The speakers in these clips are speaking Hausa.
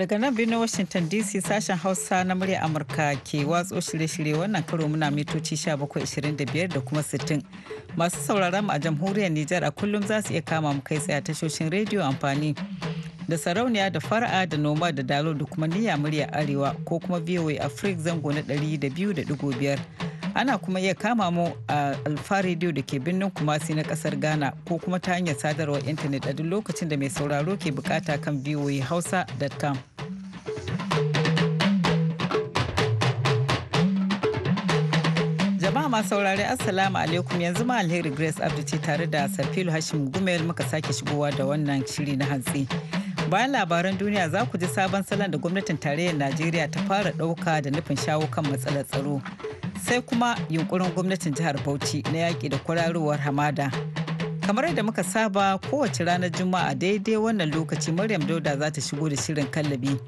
Daga nan birnin Washington DC sashen Hausa na murya Amurka ke watso shirye-shirye wannan karo muna mitoci 1725 da kuma 60. Masu sauraron mu a jamhuriyar Nijar a kullum za su iya kama mu kai tsaye a tashoshin rediyo amfani da sarauniya da fara'a da noma da dalo da kuma niyya murya arewa ko kuma VOA Africa zango na 200.5. ana kuma iya kama mu a alfa rediyo da ke birnin kumasi na kasar ghana ko kuma ta hanyar sadarwar intanet a duk lokacin da mai sauraro ke bukata kan voahausa.com jama'a masu saurari assalamu alaikum yanzu ma alheri grace abdu ce tare da safilu hashim gumel muka sake shigowa da wannan shiri na hantsi Bayan labaran duniya za ku ji sabon salon da gwamnatin tarayyar Najeriya ta fara ɗauka da nufin shawo kan matsalar tsaro. Sai kuma yunkurin gwamnatin jihar Bauchi na yaƙi da kwararowar hamada. Kamar yadda muka saba kowace ranar Juma'a daidai wannan lokaci Maryam Dauda za ta shigo da shirin kallabi.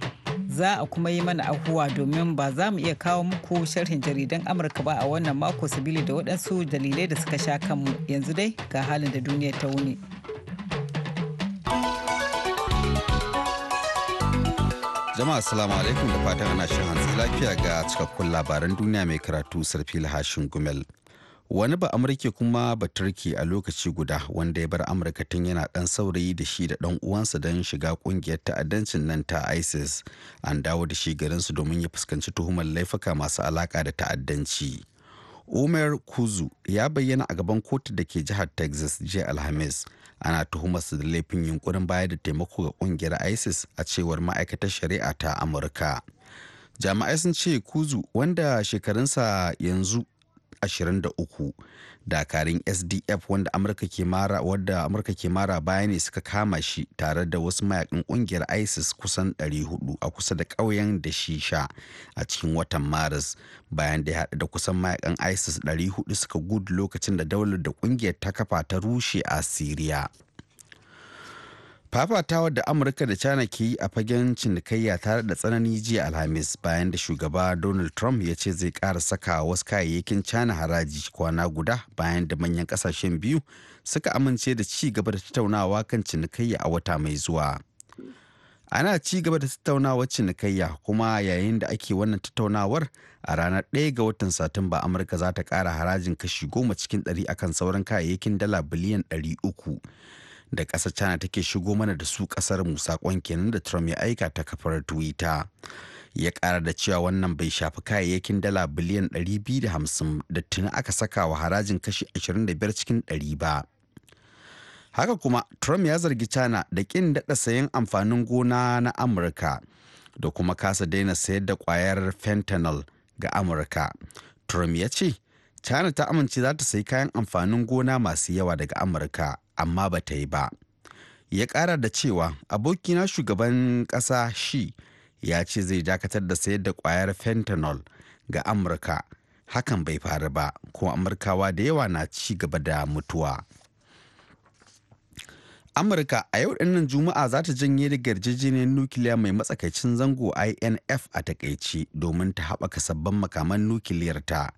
za a kuma yi mana ahuwa domin ba za mu iya kawo muku sharhin jaridan amurka ba a wannan mako sabili da waɗansu dalilai da suka sha kanmu yanzu dai ga halin da duniya ta wuni. Jama'a salamu alaikum da fatan ana shan hantsi lafiya ga cikakkun labaran duniya mai karatu sarfi lahashin gumel. Wani ba Amurka kuma ba Turki a lokaci guda wanda ya bar Amurka tun yana ɗan saurayi da shi da ɗan uwansa don shiga ƙungiyar ta'addancin nan ta ISIS. An dawo da shi garinsu domin ya fuskanci tuhumar laifuka masu alaƙa da ta'addanci. Umar Kuzu ya bayyana a gaban kotu da ke jihar Texas jiya Alhamis. ana tuhumar su da laifin yunkurin bayar da taimako ga kungiyar isis a cewar ma'aikatar shari'a ta amurka jami'ai sun ce kuzu wanda shekarunsa yanzu 23 dakarun sdf wanda amurka ke mara wadda amurka ke mara baya ne suka kama shi tare da wasu mayakan kungiyar isis kusan 400 a kusa da ƙauyen da shi sha a cikin watan maris bayan da ya haɗu da kusan mayakan isis 400 suka gudu lokacin da daular da kungiyar ta kafa ta rushe a siriya fafatawa da amurka da china ke yi a fagen cinikayya tare da tsanani jiya alhamis bayan da shugaba donald trump ya ce zai ƙara saka wasu kayayyakin china haraji kwana guda bayan da manyan ƙasashen biyu suka amince da ci gaba da tattaunawa kan cinikayya a wata mai zuwa ana ci gaba da tattaunawar cinikayya kuma yayin da ake wannan tattaunawar a ranar ɗaya ga watan satumba amurka za ta ƙara harajin kashi goma cikin ɗari akan sauran kayayyakin dala biliyan ɗari uku. da ƙasar china take shigo mana da su ƙasar musa sakon kenan da trump ya aika ta kafar twitter ya ƙara da cewa wannan bai shafi kayayyakin dala biliyan 250 da tuni aka saka wa harajin kashi 25 cikin 100 ba haka kuma trump ya zargi china da ƙin daɗa sayan amfanin gona na amurka da kuma kasa daina sayar da kwayar fentanyl ga amurka trump ya ce china ta amince za ta sayi kayan amfanin gona masu yawa daga amurka amma ba ta yi ba ya kara da cewa abokina shugaban ƙasa shi ya ce zai dakatar da sayar da kwayar fentanyl ga amurka hakan bai faru ba ko amurkawa da yawa na ci gaba da mutuwa amurka a yau dinnan juma'a za ta janye da yarjejeniyar nukiliya mai matsakaicin zango inf a takaici domin ta haɓaka sabbin makaman nukiliyar ta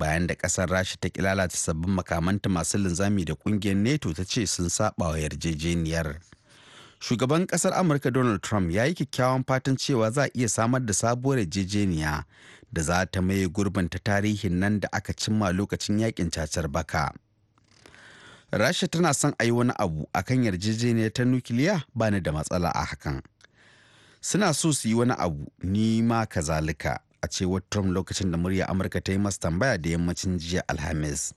bayan da kasar rasha ta ta sabbin makamanta masu linzami da kungiyar neto ta ce sun saba wa yarjejeniyar shugaban kasar amurka donald trump ya yi kyakkyawan fatan cewa za a iya samar da sabuwar yarjejeniya da za ta maye gurbin ta tarihin nan da aka cimma lokacin yakin cacar baka rasha tana son a yi wani abu akan yarjejeniya ta nukiliya ba ni da matsala a hakan suna so su yi wani abu ni ma kazalika a cewar Trump lokacin da murya Amurka ta yi masa tambaya da yammacin jiya Alhamis.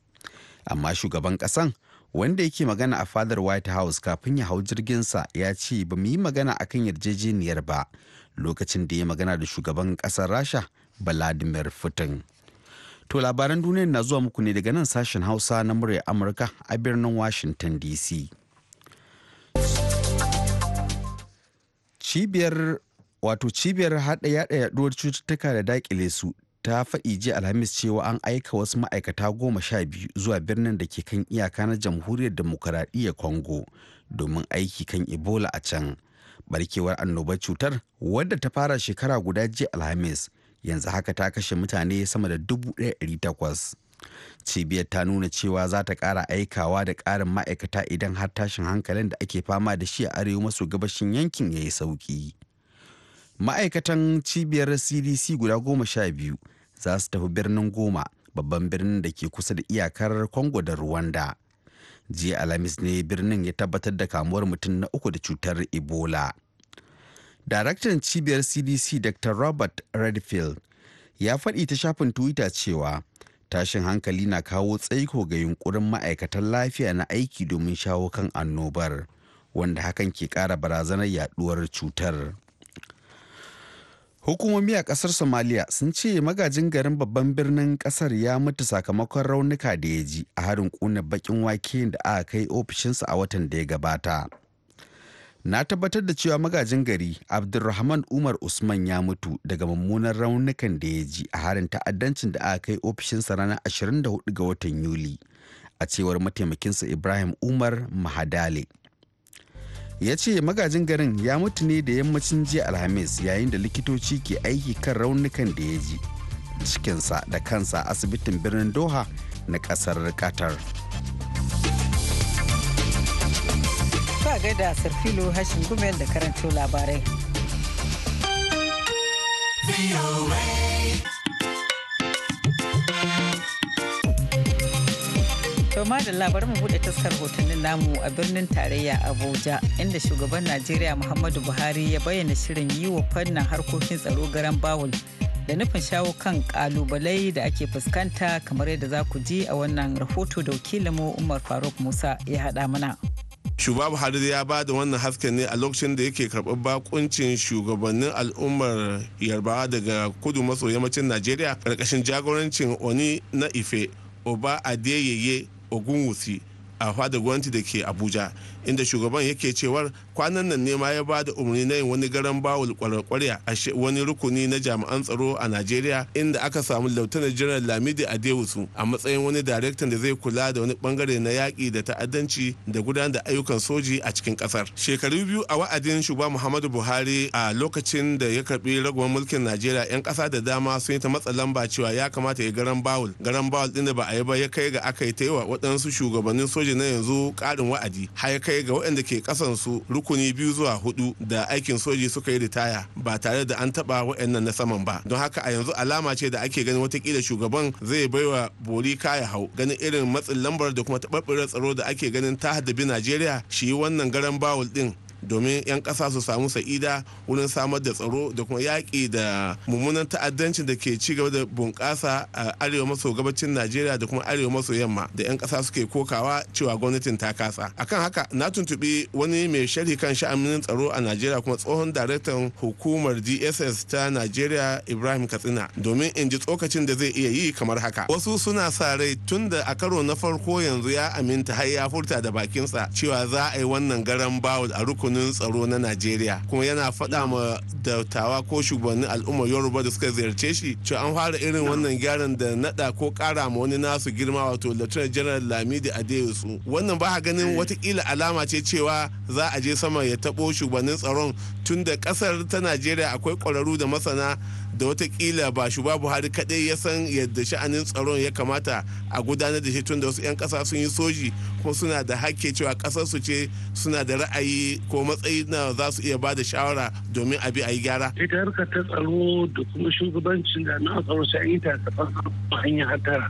Amma shugaban kasan wanda yake magana a fadar White House kafin ya hau jirginsa ya ce ba mu yi magana akan yarjejeniyar ba lokacin da ya magana da shugaban ƙasar Rasha Vladimir Putin. To labaran duniya na zuwa muku ne daga nan sashen Hausa na murya Amurka a birnin Washington DC. Cibiyar wato cibiyar haɗa yaɗa yaɗuwar cututtuka da daƙile su ta faɗi jiya alhamis cewa an aika wasu ma'aikata goma sha biyu zuwa birnin da ke kan iyaka na jamhuriyar demokuraɗiyyar congo domin aiki kan ebola a can barkewar annobar cutar wadda ta fara shekara guda jiya alhamis yanzu haka ta kashe mutane sama da dubu takwas. cibiyar ta nuna cewa za ta ƙara aikawa da ƙarin ma'aikata idan har tashin hankalin da ake fama da shi a arewa maso gabashin yankin ya yi sauƙi ma'aikatan cibiyar cdc guda goma sha biyu za su tafi birnin goma babban birnin da ke kusa da iyakar Kongo da rwanda jiya alhamis ne birnin ya tabbatar da kamuwar mutum na uku da cutar ebola daraktan cibiyar cdc dr robert redfield ya faɗi ta shafin twitter cewa tashin hankali na kawo tsaiko ga yunkurin ma'aikatan lafiya na aiki domin shawo kan annobar wanda hakan ke ƙara barazanar yaduwar cutar. Hukumomi a kasar Somalia sun ce magajin garin babban birnin kasar ya mutu sakamakon raunuka da ya ji a harin kuna bakin wake da aka kai ofishinsa a watan da ya gabata. Na tabbatar da cewa magajin gari Abdulrahman Umar Usman ya mutu daga mummunan raunukan da ya ji a harin ta'addancin da aka kai ofishinsa ranar 24 ga watan Yuli, a cewar mataimakinsa Ibrahim Umar Mahadale. ya ce magajin garin ya mutu ne da yammacin jiya alhamis yayin da likitoci ke aiki kan raunukan da ya ji cikinsa da kansa asibitin birnin doha na kasar qatar sa gaida sarfilo hashin gumel da karanto labarai To madalla bari mu bude taskar hotunan namu a birnin tarayya Abuja inda shugaban Najeriya Muhammadu Buhari ya bayyana shirin yi wa fannin harkokin tsaro garan bawul da nufin shawo kan kalubalai da ake fuskanta kamar yadda za ku ji a wannan rahoto da wakilinmu Umar Faruk Musa ya haɗa mana. shugaba buhari ya ba da wannan hasken ne a lokacin da yake karɓar bakuncin shugabannin al'ummar yarbawa daga kudu maso yammacin najeriya ƙarƙashin jagorancin oni na ife oba adeyeye ogunwusi a fadar gwamnati da ke abuja inda shugaban yake cewar kwanan nan ne ma ya ba da umarni na yin wani garan bawul kwarkwarya a wani rukuni na jami'an tsaro a najeriya inda aka samu lautana jiran lamidi adewusu a matsayin wani darektan da zai kula da wani bangare na yaƙi da ta'addanci da gudanar da ayyukan soji a cikin kasar. shekaru biyu a wa'adin shugaba muhammadu buhari a lokacin da ya karbi ragowar mulkin najeriya 'yan ƙasa da dama sun yi ta matsa lamba cewa ya kamata ya garan bawul garan bawul din da ba a yi ba ya kai ga aka yi ta yi wa waɗansu shugabannin soji na yanzu ƙarin wa'adi har ya kai ga waɗanda ke ƙasansu rukuni biyu zuwa hudu da aikin soji suka yi ritaya ba tare da an taba waɗannan na saman ba don haka a yanzu alama ce da ake ganin watakila shugaban zai baiwa bori kaya hau ganin irin matsin lambar da kuma taɓaɓɓirar tsaro da ake ganin ta haddabi najeriya shi wannan garan bawul din domin 'yan ƙasa su samu sa'ida wurin samar da tsaro da kuma yaƙi da mummunan ta'addancin da ke ci gaba da bunƙasa a arewa maso gabacin najeriya da kuma arewa maso yamma da 'yan kasa suke kokawa cewa gwamnatin ta kasa akan haka na tuntuɓi wani mai sharhi kan sha'anin tsaro a najeriya kuma tsohon daraktan hukumar dss ta najeriya ibrahim katsina domin in ji tsokacin da zai iya yi kamar haka wasu suna sa rai tun da a karo na farko yanzu ya aminta har ya furta da bakinsa cewa za a yi wannan garan bawul a rukun rundunonin tsaro na najeriya kuma yana faɗa ma dattawa ko shugabannin al'ummar yoruba da suka ziyarce shi to an fara irin wannan gyaran da nada ko kara ma wani nasu girma wato lieutenant general lamidi adeyesu wannan ba ganin eh. watakila alama ce cewa za a je sama ya taɓo shugabannin tsaron tunda da ƙasar ta najeriya akwai ƙwararru da masana da watakila ba shugaba buhari kadai ya san yadda sha'anin tsaron ya kamata a gudanar da shi tun da wasu 'yan kasa sun yi soji ko suna da hake cewa kasar su ce suna da ra'ayi ko matsayi na za su iya ba da shawara domin abi a yi gyara. ita harka ta tsaro da kuma shugabancin da na tsaro sai an yi ta hanyar hatara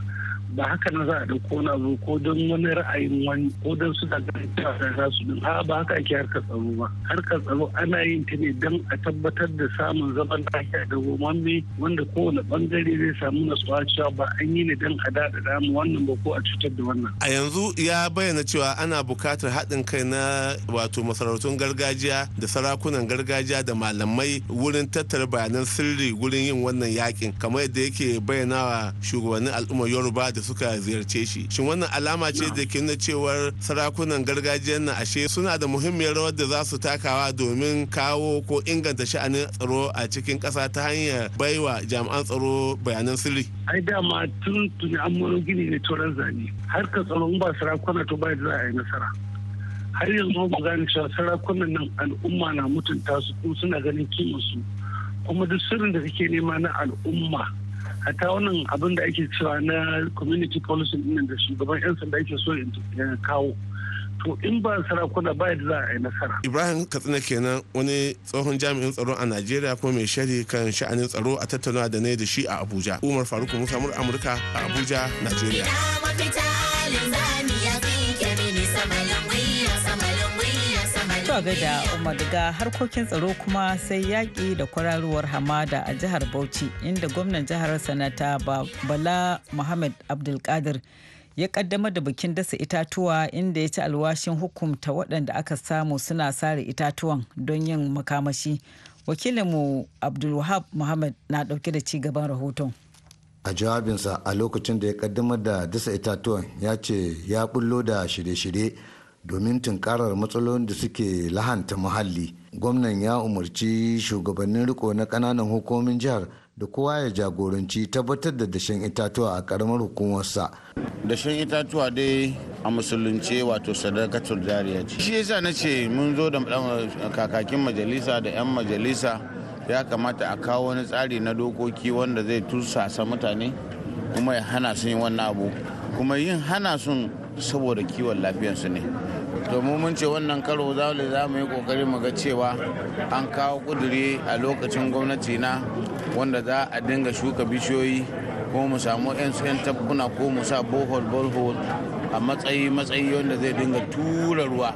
ba haka na za a ɗauko na abu ko don wani ra'ayin wani ko don su da ganin cewa za su din a ba haka ake harkar tsaro ba harkar tsaro ana yin ta ne don a tabbatar da samun zaman lafiya da gomanni wanda kowane bangare zai samu natsuwa cewa ba an yi ne don a daɗa damu wannan ba ko a cutar da wannan. a yanzu ya bayyana cewa ana buƙatar haɗin kai na wato masarautun gargajiya da sarakunan gargajiya da malamai wurin tattara bayanan sirri wurin yin wannan yakin kamar yadda yake bayyana wa shugabannin al'ummar yoruba da suka ziyarce shi shin wannan alama ce da ke nuna cewar sarakunan gargajiyar na ashe suna da muhimmiyar rawar da za su takawa domin kawo ko inganta sha'anin tsaro a cikin ƙasa ta hanyar baiwa jami'an tsaro bayanan sirri ai dama tun tuni an gini ne turan har ka tsaro ba sarakuna to ba za a yi nasara har yanzu ba gane cewa sarakunan nan al'umma na mutunta su kuma suna ganin kimansu kuma duk sirrin da suke nema na al'umma ta wannan abin da ake cewa na community policy din da shugaban yan sanda ake so ya kawo to in ba sarakuna ba yadda za a yi nasara ibrahim katsina kenan wani tsohon jami'in tsaro a najeriya kuma mai shari kan sha'anin tsaro a tattaunawa da ne da shi a abuja umar faruk musa amurka a abuja najeriya To da Umar umarga harkokin tsaro kuma sai yaƙi da kwararuwar hamada a jihar Bauchi inda gwamnan jihar sanata Bala Muhammad Abdulkadir ya kaddamar da bikin dasa itatuwa inda ya ci alwashin hukumta waɗanda aka samu suna sare itatuwan don yin makamashi. Wakilinmu Abdulwahab Muhammad na ɗauke da ci gaban rahoton. a jawabinsa a lokacin da ya kaddamar da dasa itatuwan ya ce ya bullo da shirye-shirye domin tunkarar matsalolin da suke lahanta muhalli gwamnan ya umarci shugabannin riko na kananan hukumomin jihar da kowa ya jagoranci tabbatar da dashen itatuwa a karamar hukumarsa dashen itatuwa dai a musulunce wato sadakatul jariya ce shi yasa na ce mun zo da eh, kakakin majalisa da 'yan majalisa ya kamata a kawo wani tsari na dokoki wanda zai tusasa mutane kuma ya hana sun yi wannan abu kuma yin hana sun saboda kiwon lafiyarsu ne to mu mun ce wannan karo za mu yi kokari mu ga cewa an kawo kuduri a lokacin gwamnati na wanda za a dinga shuka bishiyoyi ko mu samu 'yan tabbuna ko mu sa bohol bohol a matsayi matsayi wanda zai dinga tura ruwa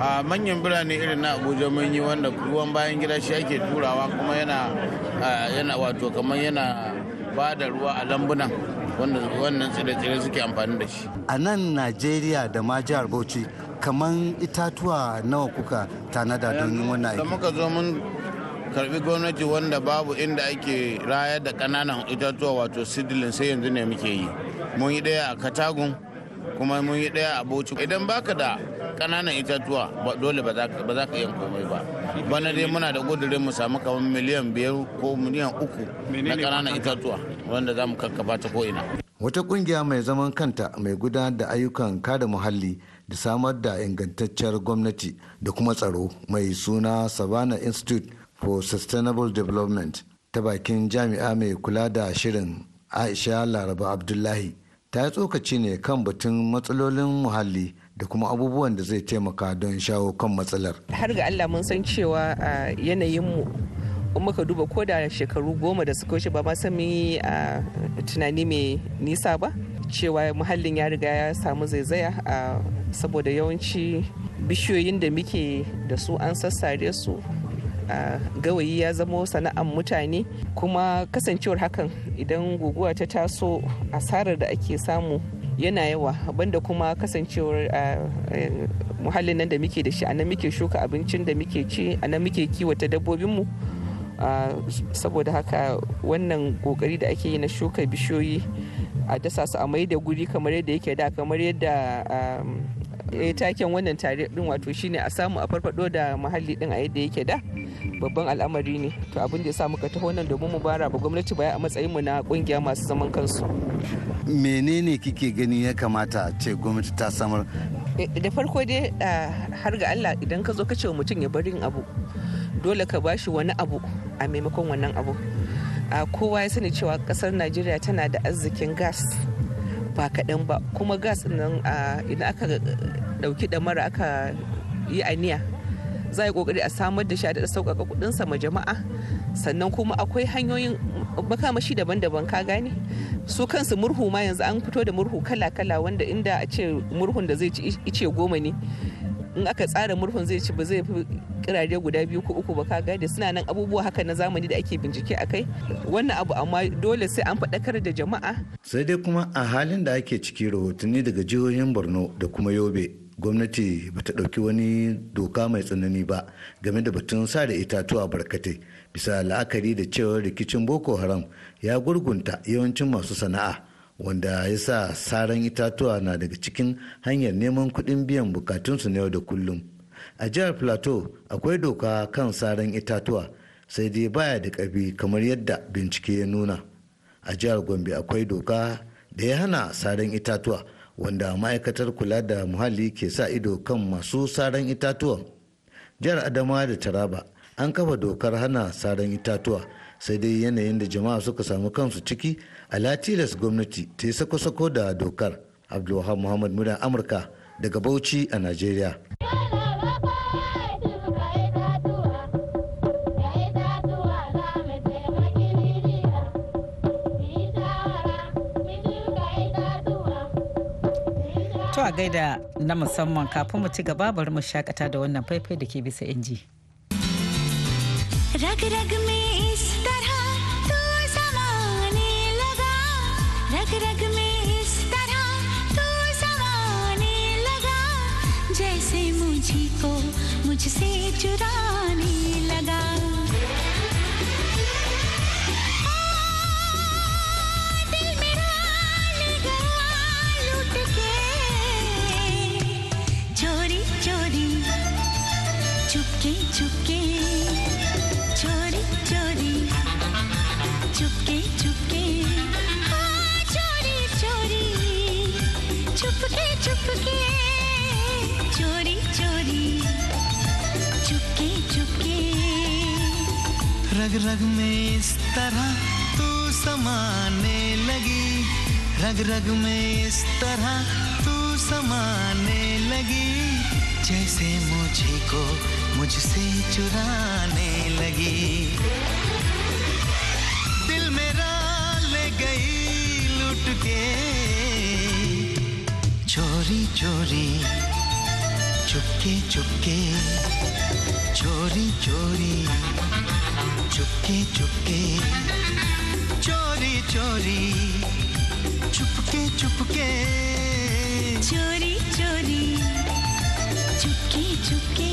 a manyan birane irin na abuja mun yi wanda ruwan bayan gida shi ake turawa kuma yana wato kamar yana ba da ruwa a lambunan wannan tsire-tsire suke amfani da shi a nan najeriya da ma jihar bauchi kamar itatuwa nawa kuka tanada don wannan aiki da muka zo mun karbi gwamnati wanda babu inda ake rayar da kananan itatuwa wato sidilin sai yanzu ne muke yi mun yi daya a katagun kuma mun yi ɗaya a bauchi idan baka da kananan itatuwa dole ba za ka iya komai ba bana dai muna da gudurin mu samu kamar miliyan biyar ko miliyan uku na ƙananan itatuwa wanda za mu kakkafa ta ko'ina wata kungiya mai zaman kanta mai gudanar da ayyukan kada muhalli da samar da ingantacciyar gwamnati da kuma tsaro mai suna savannah institute for sustainable development ta bakin jami'a mai kula da shirin aisha laraba abdullahi ta tsokaci ne kan batun matsalolin muhalli da kuma abubuwan da zai taimaka don shawo kan matsalar. Har ga Allah mun san cewa a yanayinmu muka duba ko da shekaru goma da suka wuce ba ma san yi tunani mai nisa ba cewa muhallin ya riga ya samu zaizaya saboda yawanci bishiyoyin da muke da su an sassare su gawayi ya zamo sana'an mutane kuma kasancewar hakan idan guguwa ta taso asarar da ake samu yana yawa banda kuma kasancewar e, muhallin nan da muke da shi a nan muke shuka abincin da muke ci a nan muke kiwata dabbobinmu saboda haka wannan kokari da ake yi na shuka bishiyoyi a dasa su a mai da guri kamar yadda yake da kamar yadda Eh, taken wannan tare din wato shine a samu a farfado da muhalli din a yadda yake da babban al'amari ne to abin da ya sa muka taho nan domin mu bara ba gwamnati baya a matsayin mu na kungiya masu zaman kansu menene kike gani ya kamata ce gwamnati ta samar eh, da farko dai har ga Allah idan ka zo ka ce mutum ya bari abu dole ka bashi wani abu a maimakon wannan abu kowa ya sani cewa kasar najeriya tana da arzikin gas ba kaɗan ba kuma gas nan idan aka eh, ɗauki ɗamara aka yi aniya za a yi ƙoƙari a samar da shi a sauƙaƙa kuɗinsa ma jama'a sannan kuma akwai hanyoyin makamashi daban-daban ka gane su kansu murhu ma yanzu an fito da murhu kala-kala wanda inda a ce murhun da zai ci ice goma ne in aka tsara murhun zai ci ba zai fi kirare guda biyu ko uku ba ka gane suna nan abubuwa haka na zamani da ake bincike a kai wannan abu amma dole sai an faɗakar da jama'a sai dai kuma a halin da ake ciki rahotanni daga jihohin borno da kuma yobe gwamnati ba ta ɗauki wani doka mai tsanani ba game da batun sa da itatuwa barkatai bisa la'akari da cewar rikicin boko haram ya gurgunta yawancin masu sana'a wanda ya sa saran itatuwa na daga cikin hanyar neman kuɗin biyan bukatunsu na yau da kullum a jihar plateau akwai doka kan saran itatuwa sai dai baya da ƙarfi kamar yadda bincike ya nuna a jihar gombe akwai doka da ya hana saran itatuwa wanda ma'aikatar kula da muhalli ke sa ido kan masu saran itatuwa. jihar adama da taraba an kafa dokar hana saran itatuwa sai dai yanayin da jama'a suka samu kansu ciki a latilas gwamnati ta yi sako-sako da dokar abdulwahab muhammad muda amurka daga bauchi a najeriya a gaida na musamman kafin mu ci gaba bari mu shakata da wannan faifai da ke bisa inji. Raga to see Judah. रग रग में इस तरह तू समाने लगी रग रग में इस तरह तू समाने लगी जैसे मुझे को मुझसे चुराने लगी दिल मेरा ले गई लुट के चोरी चोरी चुपके चुपके चोरी चोरी चुपके चुपके चोरी चोरी चुपके चुपके चोरी चोरी चुपके चुपके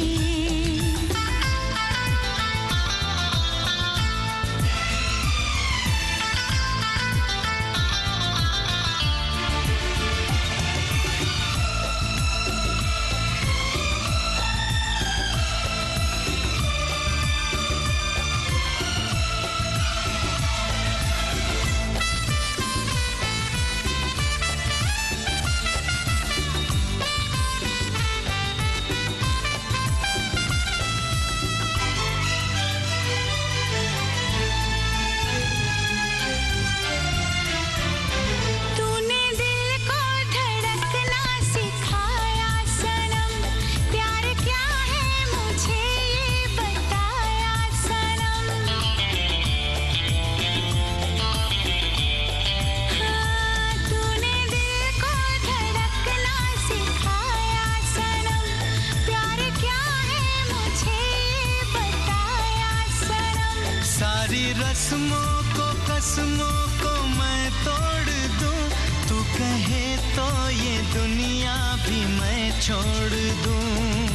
रस्मों को कसमों को मैं तोड़ दूं तू कहे तो ये दुनिया भी मैं छोड़ दूं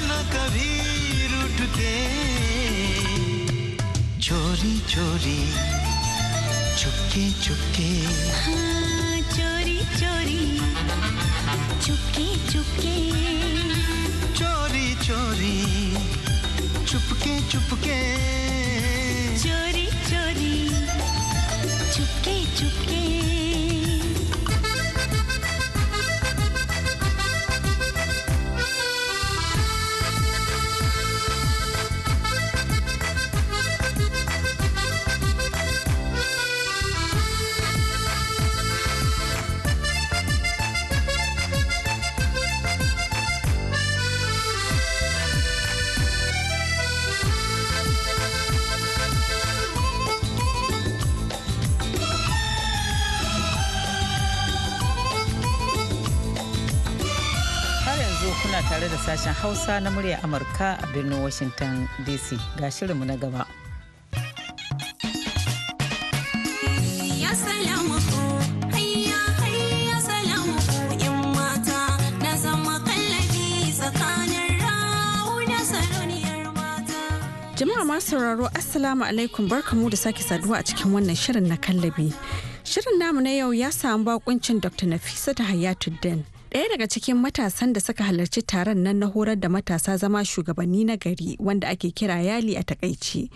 न कभी चोरी चोरी चुपके चुपके हाँ चोरी चोरी चुपके चुपके चुपके Chupke sashen Hausa na murya Amurka a birnin Washington DC. Ga shirinmu na gaba. Jama'a masu sauraro Assalamu alaikum barkamu da sake saduwa a cikin wannan shirin na kallabi. Shirin namu na yau ya samu bakuncin Dr. Nafisa ta Hayatuddin. Daya daga cikin matasan da suka halarci taron nan na horar da matasa zama shugabanni na gari wanda ake kira yali a takaici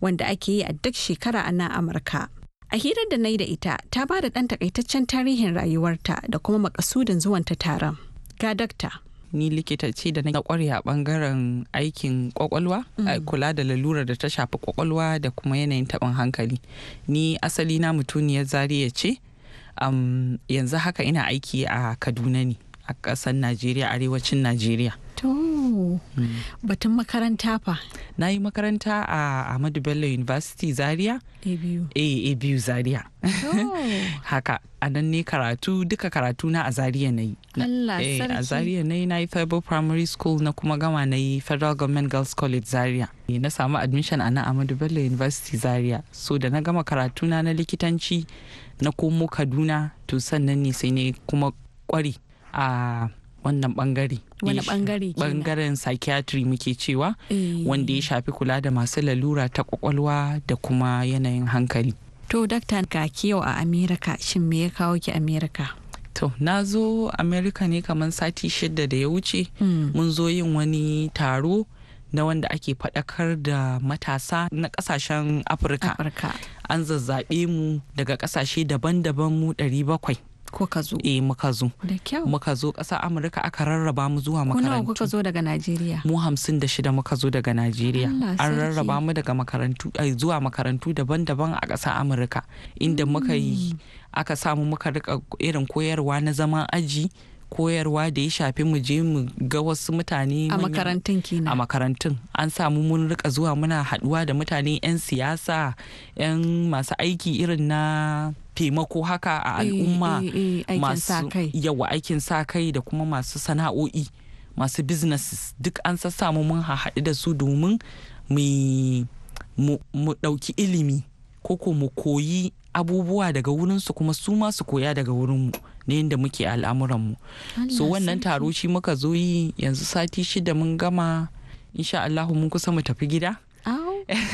wanda ake yi a duk shekara a nan Amurka. A hirar da na yi da ita ta ba da ɗan takaitaccen tarihin rayuwarta da kuma makasudin ta taron. Ga dakta. ni likita ce da na kware a bangaren aikin ƙwaƙwalwa? Mm. kula da lalurar da ta shafi kwakwalwa da kuma yanayin taɓin hankali ni asali na mutuniyar zariya ce um, yanzu haka ina aiki a kaduna ne a ƙasar najeriya arewacin najeriya hmm. batun makaranta fa na yi makaranta a ahmadu bello university zaria a biyu eh, zaria haka a nan ne karatu duka karatu na a zaria na yi eh, a zaria na yi na yi federal primary school na kuma gama na yi federal government girls college zaria eh, na samu admission a nan ahmadu bello university zaria so da na gama karatu na na likitanci na komo kaduna to sannan ne sai ne kuma kwari a wannan bangare wani bangare bangaren psychiatry muke cewa eh. wanda ya shafi kula da masu lalura ta kwakwalwa da kuma yanayin hankali to dakta ka kiyau a america shin me ya kawo ki america to na zo america ne kamar sati shida da ya wuce hmm. mun zo yin wani taro na wanda ake faɗakar da matasa na ƙasashen afirka an zazzabe mu daga kasashe daban-daban mu 700 ko ka zo eh muka zo da kyau muka zo ƙasa amurka aka rarraba mu zuwa makarantu kuna kuka zo daga najeriya mu hamsin da shida muka zo daga najeriya an rarraba mu daga makarantu eh, zuwa makarantu daban-daban a ƙasa amurka inda muka yi mm. aka samu muka rika irin koyarwa na zaman aji koyarwa da ya shafi mu je mu ga wasu mutane a makarantun kina a makarantun an samu mun rika zuwa muna haduwa da mutane 'yan siyasa 'yan masu aiki irin na taimako haka a eh, al'umma eh, eh, masu yawa aikin sa kai da kuma masu sana'o'i masu businesses duk an sassamu mun haɗu da su domin mu ɗauki ilimi ko ko mu koyi abubuwa daga wurinsu kuma su ma su koya daga wurinmu na yadda muke al'amuranmu so wannan taro shi muka zo yi yanzu sati shida mun gama insha Allahu mun kusa mu tafi gida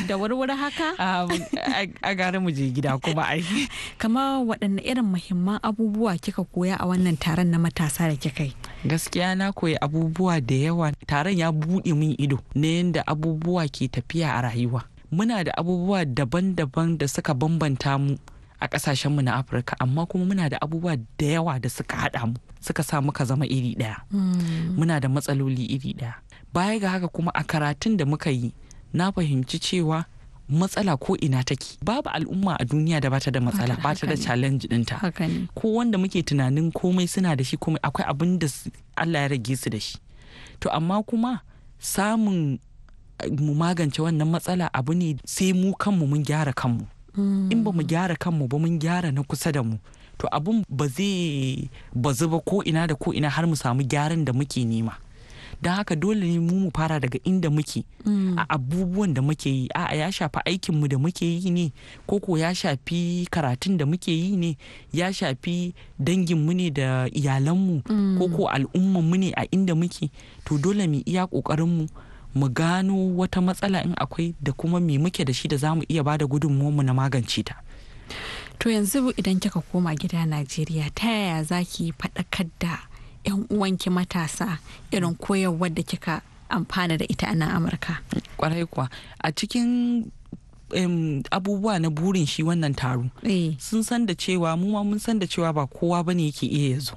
da warware haka a gare mu je gida kuma ai kama waɗanne irin muhimman abubuwa kika koya a wannan taron na matasa da kika yi gaskiya na koyi abubuwa da yawa taron ya buɗe min ido na yadda abubuwa ke tafiya a rayuwa muna da abubuwa daban-daban da suka bambanta mu a mu na afirka amma kuma muna da abubuwa da yawa da suka haɗa mu suka sa muka zama iri ɗaya hmm. muna da matsaloli iri ɗaya baya ga haka kuma a karatun da muka yi na fahimci cewa matsala ko ina take babu al'umma a duniya da bata da matsala bata da challenge dinta ko wanda muke tunanin komai suna da shi komai akwai abin da Allah ya rage su da shi to amma kuma samun eh, mu magance wannan matsala abu ne sai mu kanmu mun gyara kanmu in ba mu gyara kanmu ba mun gyara na kusa da mu to abun ba zai bazu ba ko ina da ko ina har mu samu gyaran da muke nema don haka dole ne mu mu fara daga inda muke a abubuwan da muke yi a ya shafi aikinmu da muke yi ne ko ko ya shafi karatun da muke yi ne ya shafi danginmu ne da iyalanmu ko ko mu ne a inda muke to dole mu iya ƙoƙarinmu mu gano wata matsala in akwai da kuma me muke da shi da zamu iya ba da mu na magance ta to yanzu idan kika koma gida najeriya ta yaya zaki ki faɗakar da 'yan uwanki matasa irin koyarwar da kika amfana da ita a nan amurka kwarai kuwa a cikin abubuwa na burin shi wannan taro eh. sun san da cewa mu ma mun san da cewa ba kowa bane yake iya yazo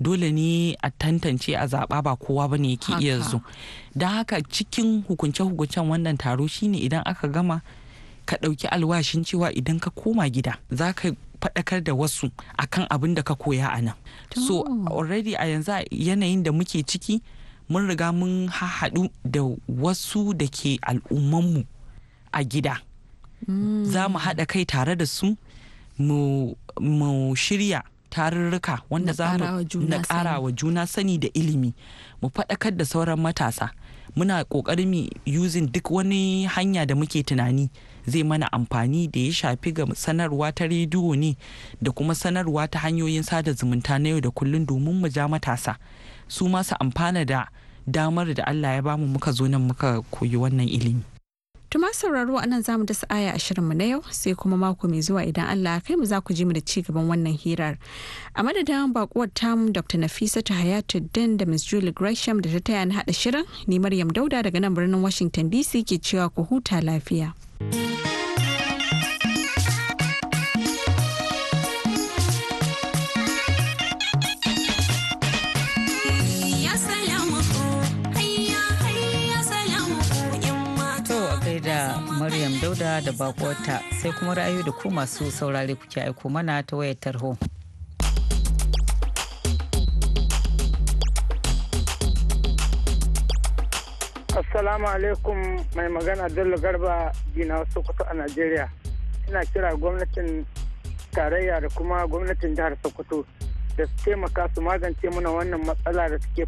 dole ne a tantance a zaɓa ba kowa ba ne yake iya zo don haka cikin hukunce-hukuncen wannan taro shine idan aka gama ka ɗauki alwashin cewa idan ka koma gida za ka faɗakar da wasu akan abin da ka koya a nan so already a yanzu yanayin da muke ciki mun riga mun haɗu da wasu da ke al'ummanmu a gida mm. za mu haɗa kai tare da su mu shirya tarurruka wanda za mu na ƙara wa juna sani da ilimi mu faɗakar da sauran matasa muna ƙoƙarin mu using duk wani hanya da muke tunani zai mana amfani da ya shafi ga sanarwa ta rediyo ne da kuma sanarwa ta hanyoyin sada zumunta na yau da kullum domin mu ja matasa su masu amfana da damar da Allah ya bamu muka zo nan muka koyi wannan ilimi. Tuma sauraro a nan zamu dasa aya ashirin mu na yau sai kuma mako mai zuwa idan Allah kai mu za ku ji mu da ci gaban wannan hirar. A madadin bakuwar tamu Dr. Nafisa ta dan da Miss Julie Gresham da ta taya na hada shirin ni Maryam Dauda daga nan birnin Washington DC ke cewa ku huta lafiya. da bakwata sai kuma ra'ayoyi da ku masu saurare kuke aiko mana ta wayar tarho. Assalamu alaikum mai magana don Garba Gina Sokoto a Najeriya. Ina kira gwamnatin tarayya da kuma gwamnatin jihar Sokoto da su taimaka su magance mana wannan matsala da suke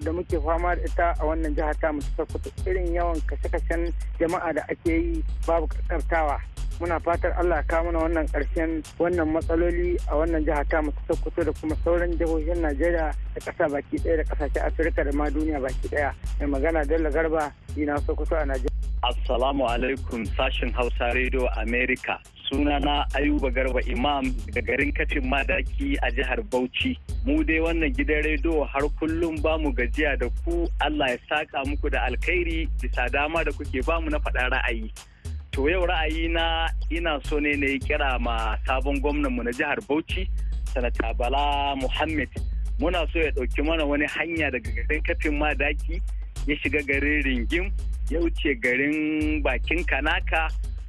da muke fama da ita a wannan jiha ta mu Sokoto irin yawan kashe-kashen jama'a da ake yi babu karkartawa muna fatar Allah ka mana wannan karshen wannan matsaloli a wannan jiha ta mu Sokoto da kuma sauran jihohin Najeriya da kasa baki ɗaya da ƙasashen Afirka da ma duniya baki ɗaya mai magana Bello Garba ina Sokoto a Najeriya Assalamu alaikum sashen Hausa Radio America sunana ayuba garba imam da garin kacin madaki a jihar bauchi mu dai wannan gidan rediyo har kullum ba mu gajiya da ku allah ya saka muku da alkhairi bisa dama da kuke ba mu na faɗa ra'ayi to yau ra'ayi na ina so ne na yi kira ma sabon gwamnanmu na jihar bauchi sanata bala muhammad muna so ya ɗauki mana wani hanya daga garin kafin madaki ya shiga garin ringim ya wuce garin bakin kanaka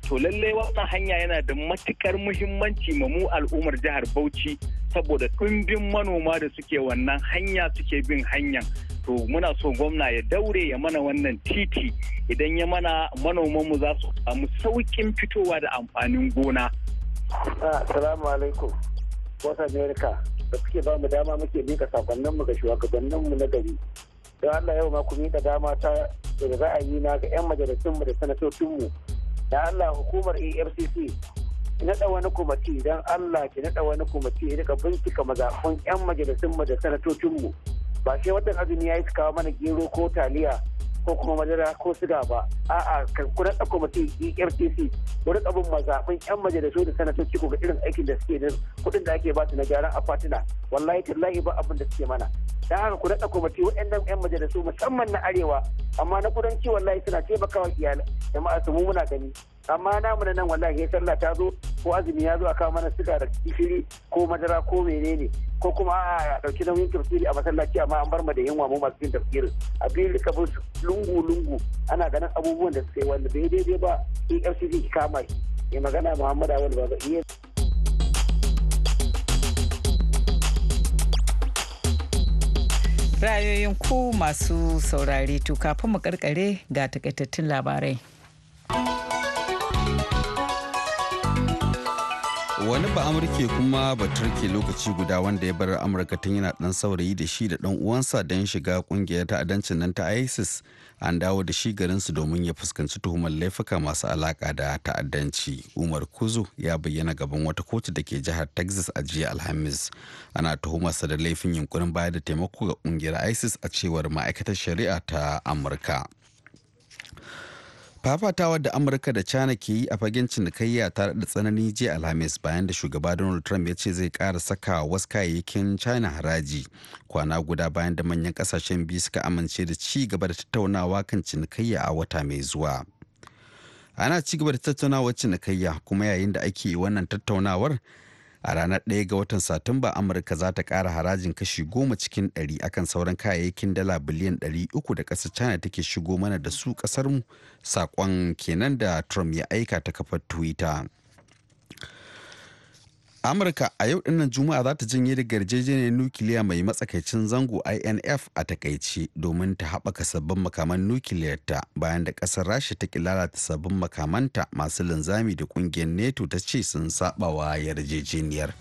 to lallai wannan hanya yana da matukar muhimmanci ma mu al'ummar jihar bauchi saboda ɗumbin manoma da suke wannan hanya suke bin hanyan to muna so gwamna ya daure ya mana wannan titi idan ya mana manomanmu za su samu sauƙin fitowa da amfanin gona. Ah, assalamu alaikum, wasu America da suke ba mu dama muke mika sakonninmu ga shugabanninmu na gari. Don Allah yau ma ku mika dama ta da za a yi na ga 'yan majalisunmu da sanatocinmu da Allah hukumar AFCC naɗa wani kwamiti don Allah ki naɗa wani kwamiti ya rika bincika mazaɓun 'yan majalisun mu da sanatocinmu ba sai watan azumi ya yi kawo mana gero ko taliya ko kuma madara ko siga ba a'a kan kuna ɗauko mutum ertc wani abin mazaɓin yan majalisu da sanatoci ko ga irin aikin da suke da kuɗin da ake ba su na gyaran akwatuna wallahi tallahi ba abin da suke mana dan haka kuna ɗauko mutum waɗannan yan majalisu musamman na arewa amma na kudanci wallahi suna taimakawa iyalai jama'a su mu muna gani amma namu na nan wallahi sallah ta zo ko azumi ya zo a kawo mana suga da gishiri ko madara ko menene ko kuma a dauki nauyin tafsiri a masallaci amma an bar mu da yunwa mu masu yin tafsirin a fili ka lungu lungu ana ganin abubuwan da suka yi wanda bai daidai ba EFCC ki kama shi mai magana Muhammad Awal Baba iya Rayoyin ku masu saurare to kafin mu karkare ga takaitattun labarai. wani ba amurke kuma ba turke lokaci guda wanda ya bar amurka tun yana dan saurayi da shi da dan uwansa don shiga kungiyar ta'addancin nan ta isis an dawo da shi garinsu domin ya fuskanci tuhumar laifuka masu alaka da ta'addanci umar kuzu ya bayyana gaban wata kotu da ke jihar texas a jiya alhamis ana tuhumarsa da laifin yunkurin bayar da taimako ga kungiyar isis a cewar ma'aikatar shari'a ta amurka fafatawar da amurka da china ke yi a fagen cinikayya tare da tsananin jiya alhamis bayan da shugaba donald trump ya ce zai kara saka wasu kayayyakin china haraji kwana guda bayan da manyan kasashen biyu suka amince da ci gaba da tattaunawa kan cinikayya a wata mai zuwa ana ci gaba da tattaunawar cinikayya kuma yayin da ake wannan tattaunawar a ranar 1 ga watan satumba amurka za ta kara harajin kashi goma cikin ɗari akan sauran kayayyakin dala biliyan 300 da ƙasar china take shigo mana da su mu saƙon kenan da trump ya aika ta kafar twitter amurka a yau dinnan juma'a za ta janye daga yarjejeniyar nukiliya mai matsakaicin zango inf a takaice domin ta haɓaka sabbin makaman nukiliyarta bayan da ƙasar rasha ta lalata sabbin makamanta masu linzami da ƙungiyar neto ta ce sun saba yarjejeniyar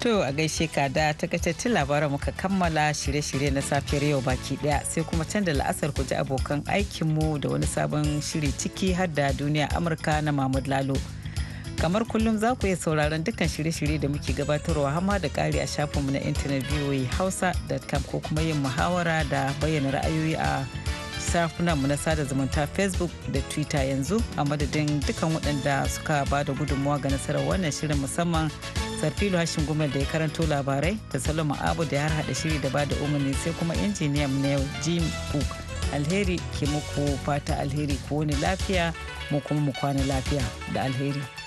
to a gaishe ka da takaitattun labaran muka kammala shirye-shirye na safiyar yau baki daya sai kuma can da la'asar ku ji abokan aikinmu da wani sabon shiri ciki har da duniya amurka na mahmud lalo. kamar kullum za ku iya sauraron dukkan shirye-shirye da muke gabatarwa hama da kari a shafinmu na intanet voa hausa.com ko kuma yin muhawara da bayyana ra'ayoyi a mu na sada zumunta facebook da twitter yanzu a madadin dukkan waɗanda suka ba da gudunmawa ga nasarar wannan shirin musamman sarfilo hashin gumel da ya karanto labarai da salomon abu da ya harhaɗa shiri da ba da umarni sai kuma injiniyan na yau jim cook alheri ke muku fata alheri ko wani lafiya mu kuma mu kwana lafiya da alheri.